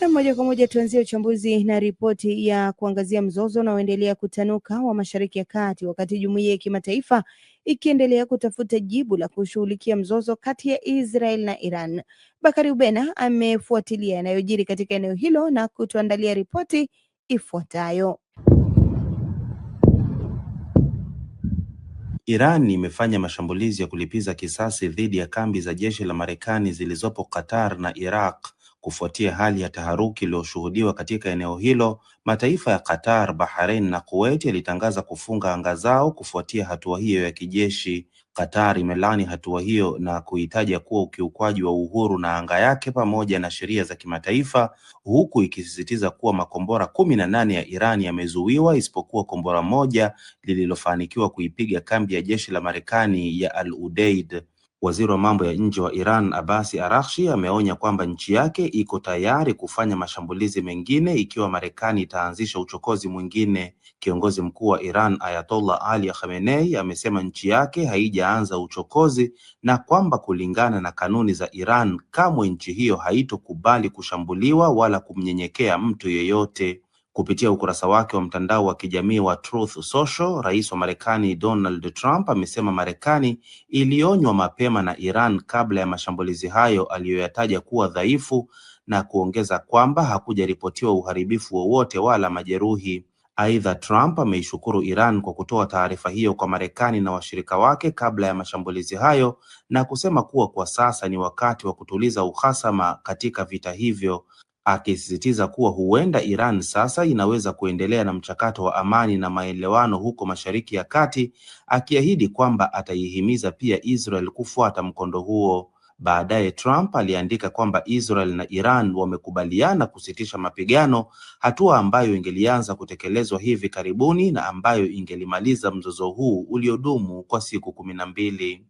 Na moja kwa moja tuanzie uchambuzi na ripoti ya kuangazia mzozo unaoendelea kutanuka wa Mashariki ya Kati, wakati jumuiya ya kimataifa ikiendelea kutafuta jibu la kushughulikia mzozo kati ya Israel na Iran. Bakari Ubena amefuatilia yanayojiri katika eneo hilo na kutuandalia ripoti ifuatayo. Iran imefanya mashambulizi ya kulipiza kisasi dhidi ya kambi za jeshi la Marekani zilizopo Qatar na Iraq kufuatia hali ya taharuki iliyoshuhudiwa katika eneo hilo, mataifa ya Qatar, Bahrain na Kuwait yalitangaza kufunga anga zao kufuatia hatua hiyo ya kijeshi. Qatar imelani hatua hiyo na kuitaja kuwa ukiukwaji wa uhuru na anga yake pamoja na sheria za kimataifa, huku ikisisitiza kuwa makombora kumi na nane ya Iran yamezuiwa isipokuwa kombora moja lililofanikiwa kuipiga kambi ya jeshi la Marekani ya Al Udeid. Waziri wa mambo ya nje wa Iran Abasi arakshi ameonya kwamba nchi yake iko tayari kufanya mashambulizi mengine ikiwa Marekani itaanzisha uchokozi mwingine. Kiongozi mkuu wa Iran Ayatollah Ali Khamenei amesema nchi yake haijaanza uchokozi na kwamba kulingana na kanuni za Iran kamwe nchi hiyo haitokubali kushambuliwa wala kumnyenyekea mtu yeyote. Kupitia ukurasa wake wa mtandao wa kijamii wa Truth Social, Rais wa Marekani Donald Trump amesema Marekani ilionywa mapema na Iran kabla ya mashambulizi hayo aliyoyataja kuwa dhaifu na kuongeza kwamba hakujaripotiwa uharibifu wowote wala majeruhi. Aidha, Trump ameishukuru Iran kwa kutoa taarifa hiyo kwa Marekani na washirika wake kabla ya mashambulizi hayo na kusema kuwa kwa sasa ni wakati wa kutuliza uhasama katika vita hivyo akisisitiza kuwa huenda Iran sasa inaweza kuendelea na mchakato wa amani na maelewano huko Mashariki ya Kati, akiahidi kwamba ataihimiza pia Israel kufuata mkondo huo. Baadaye Trump aliandika kwamba Israel na Iran wamekubaliana kusitisha mapigano, hatua ambayo ingelianza kutekelezwa hivi karibuni na ambayo ingelimaliza mzozo huu uliodumu kwa siku kumi na mbili.